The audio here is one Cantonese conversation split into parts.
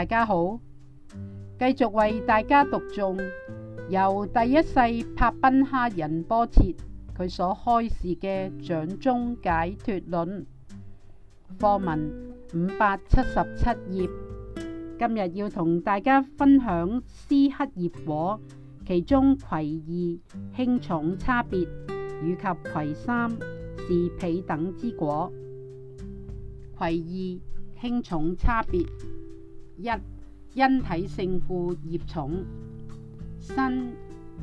大家好，繼續為大家讀誦由第一世帕賓哈仁波切佢所開示嘅《掌中解脱論》課文五百七十七頁。今日要同大家分享思黑業果，其中葵二輕重差別以及葵三是彼等之果。葵二輕重差別。一，因體性故業重，身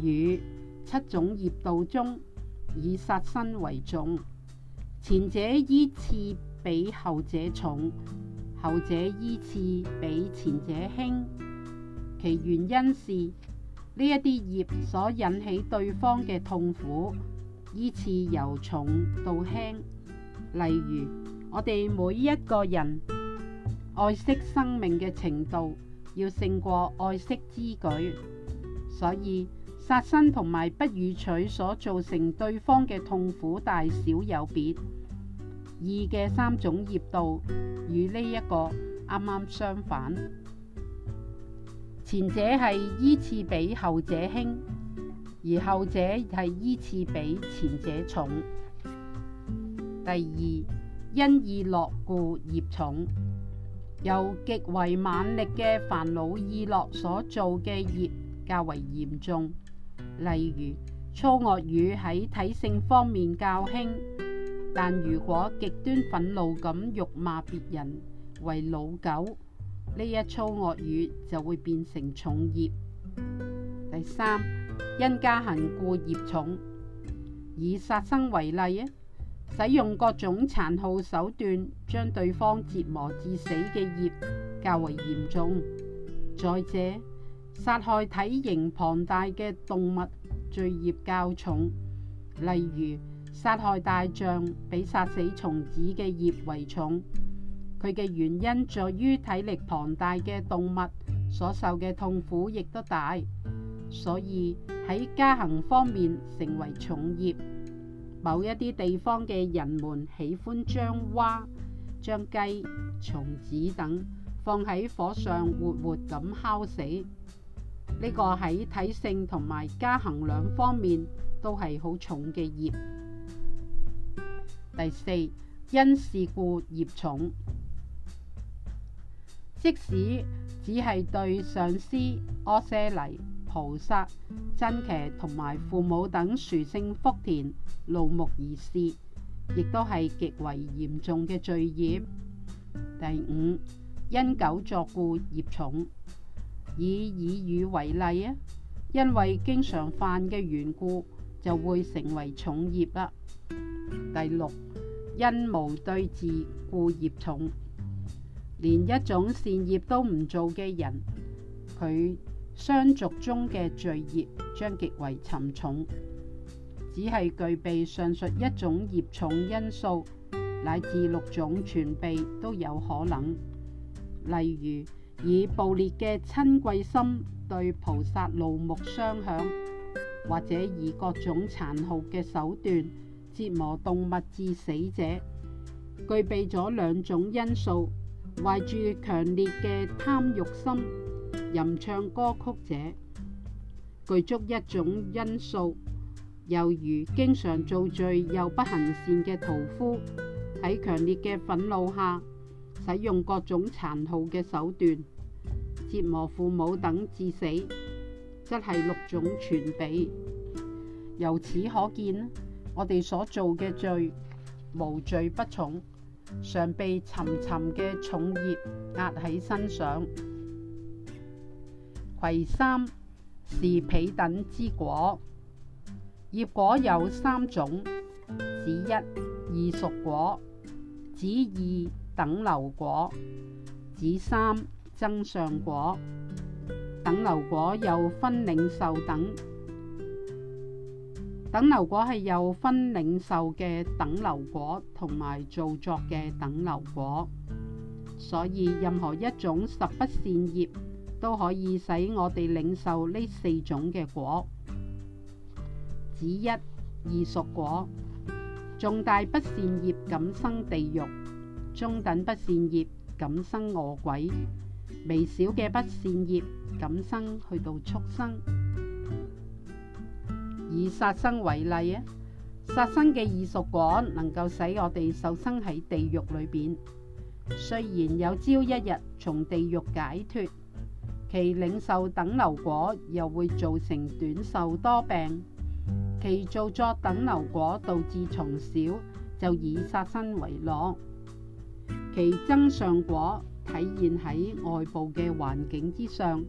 語七種業道中，以殺身為重，前者依次比後者重，後者依次比前者輕。其原因是呢一啲業所引起對方嘅痛苦，依次由重到輕。例如，我哋每一個人。愛惜生命嘅程度要勝過愛惜之舉，所以殺身同埋不與取所造成對方嘅痛苦大小有別。二嘅三種業道，與呢一個啱啱相反，前者係依次比後者輕，而後者係依次比前者重。第二，因意樂故業重。由極為猛力嘅煩惱意樂所做嘅業較為嚴重，例如粗惡語喺體性方面較輕，但如果極端憤怒咁辱罵別人為老狗，呢一粗惡語就會變成重業。第三，因加行故業重，以殺生為例啊！使用各種殘酷手段將對方折磨致死嘅業較為嚴重。再者，殺害體型龐大嘅動物罪業較重，例如殺害大象比殺死蟲子嘅業為重。佢嘅原因在於體力龐大嘅動物所受嘅痛苦亦都大，所以喺加行方面成為重業。某一啲地方嘅人們喜歡將蛙、將雞、松子等放喺火上活活咁烤死，呢、這個喺體性同埋家行兩方面都係好重嘅業。第四，因事故業重，即使只係對上司阿些禮。菩薩、真騎同埋父母等殊勝福田，怒目而視，亦都係極為嚴重嘅罪業。第五，因久作故業重，以以語為例啊，因為經常犯嘅緣故，就會成為重業啦。第六，因無對治故業重，連一種善業都唔做嘅人，佢。相續中嘅罪孽將極為沉重，只係具備上述一種業重因素，乃至六種全備都有可能。例如以暴烈嘅瞋恚心對菩薩怒目相向，或者以各種殘酷嘅手段折磨動物至死者，具備咗兩種因素，懷住強烈嘅貪欲心。吟唱歌曲者具足一種因素，猶如經常做罪又不行善嘅屠夫，喺強烈嘅憤怒下，使用各種殘酷嘅手段折磨父母等致死，即係六種全備。由此可見，我哋所做嘅罪無罪不重，常被沉沉嘅重業壓喺身上。葵三是彼等之果，業果有三種：指一異熟果，指二等流果，指三增上果。等流果有分領受等，等流果係有分領受嘅等流果，同埋造作嘅等流果。所以任何一種十不善業。都可以使我哋領受呢四種嘅果。指一、異熟果，重大不善業感生地獄；中等不善業感生餓鬼；微小嘅不善業感生去到畜生。以殺生為例啊，殺生嘅異熟果能夠使我哋受生喺地獄裏邊，雖然有朝一日從地獄解脫。其領受等流果又會造成短壽多病；其造作等流果導致從小就以殺生為樂。其增上果體現喺外部嘅環境之上，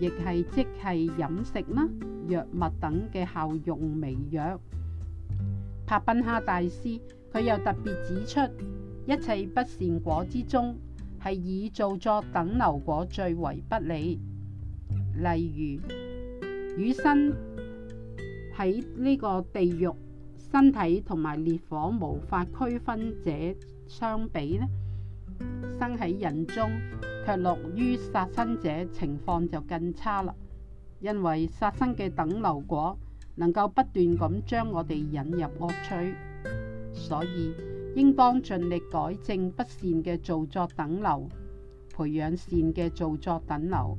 亦係即係飲食啦、藥物等嘅效用微弱。帕賓哈大師佢又特別指出，一切不善果之中，係以造作等流果最為不利，例如與身喺呢個地獄身體同埋烈火無法區分者相比呢，生喺人中卻落於殺生者情況就更差啦，因為殺生嘅等流果能夠不斷咁將我哋引入惡趣，所以。應當盡力改正不善嘅造作等流，培養善嘅造作等流。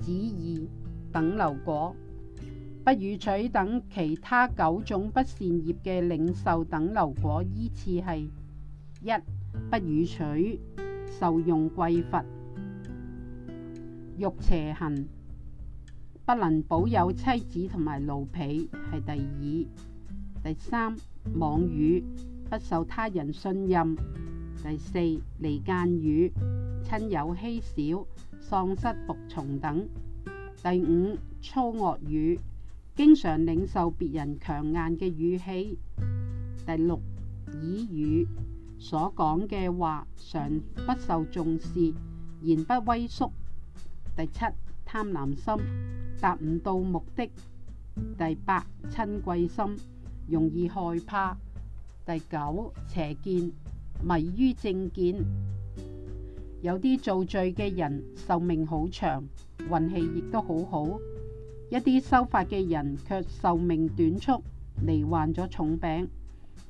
子二，等流果，不予取等其他九種不善業嘅領受等流果，依次係：一、不予取，受用貴佛；欲邪行，不能保有妻子同埋奴婢係第二、第三。妄語，不受他人信任；第四，離間語，親友稀少，喪失服從等；第五，粗惡語，經常領受別人強硬嘅語氣；第六，綺語，所講嘅話常不受重視，言不威縮；第七，貪婪心，達唔到目的；第八，親貴心。容易害怕，第九，邪見，迷於正見。有啲做罪嘅人壽命好長，運氣亦都好好；一啲修法嘅人卻壽命短促，罹患咗重病，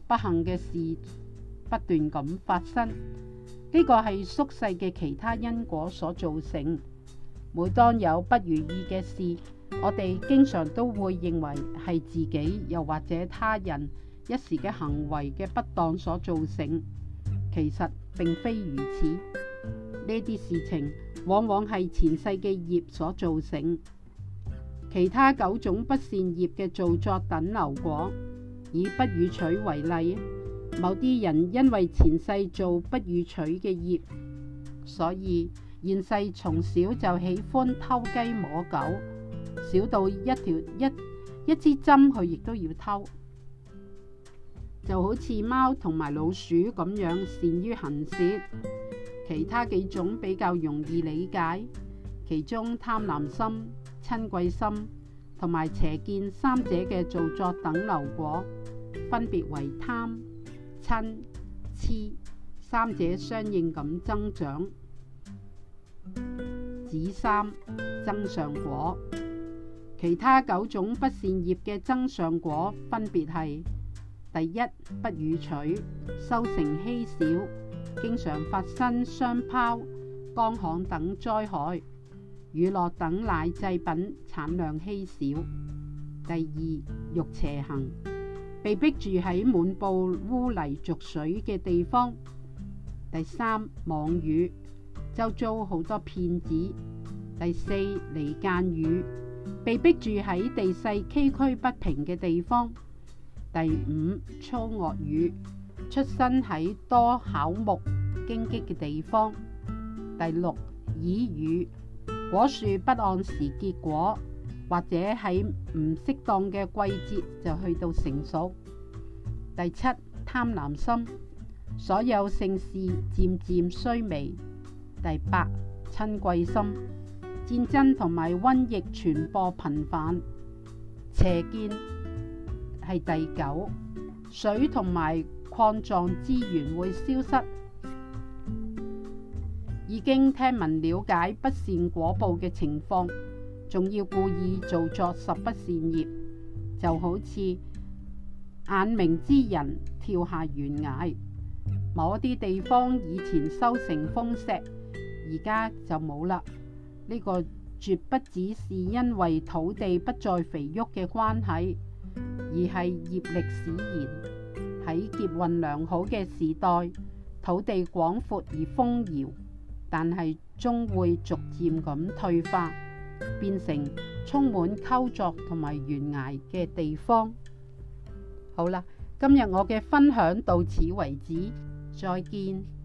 不幸嘅事不斷咁發生。呢個係宿世嘅其他因果所造成。每當有不如意嘅事，我哋經常都會認為係自己又或者他人一時嘅行為嘅不當所造成，其實並非如此。呢啲事情往往係前世嘅業所造成。其他九種不善業嘅造作等流果，以不與取為例，某啲人因為前世做不與取嘅業，所以現世從小就喜歡偷雞摸狗，小到一條一一支針，佢亦都要偷，就好似貓同埋老鼠咁樣善於行竊。其他幾種比較容易理解，其中貪婪心、親貴心同埋邪見三者嘅造作等流果，分別為貪、親、痴三者相應咁增長。子三增上果，其他九種不善業嘅增上果分別係：第一，不與取，收成稀少，經常發生霜拋、乾旱等災害；乳酪等奶製品產量稀少。第二，欲邪行，被逼住喺滿布污泥濁水嘅地方。第三，網魚。周遭好多騙子。第四，離間語，被逼住喺地勢崎嶇不平嘅地方。第五，粗惡語，出生喺多考木荊棘嘅地方。第六，綺語，果樹不按時結果，或者喺唔適當嘅季節就去到成熟。第七，貪婪心，所有盛事漸漸衰微。第八，親貴心，戰爭同埋瘟疫傳播頻繁。邪見係第九，水同埋礦藏資源會消失。已經聽聞了解不善果報嘅情況，仲要故意做作十不善業，就好似眼明之人跳下懸崖。某啲地方以前收成豐碩。而家就冇啦，呢、這個絕不只是因為土地不再肥沃嘅關係，而係業力使然，喺劫運良好嘅時代，土地廣闊而豐饒，但係終會逐漸咁退化，變成充滿溝作同埋懸崖嘅地方。好啦，今日我嘅分享到此為止，再見。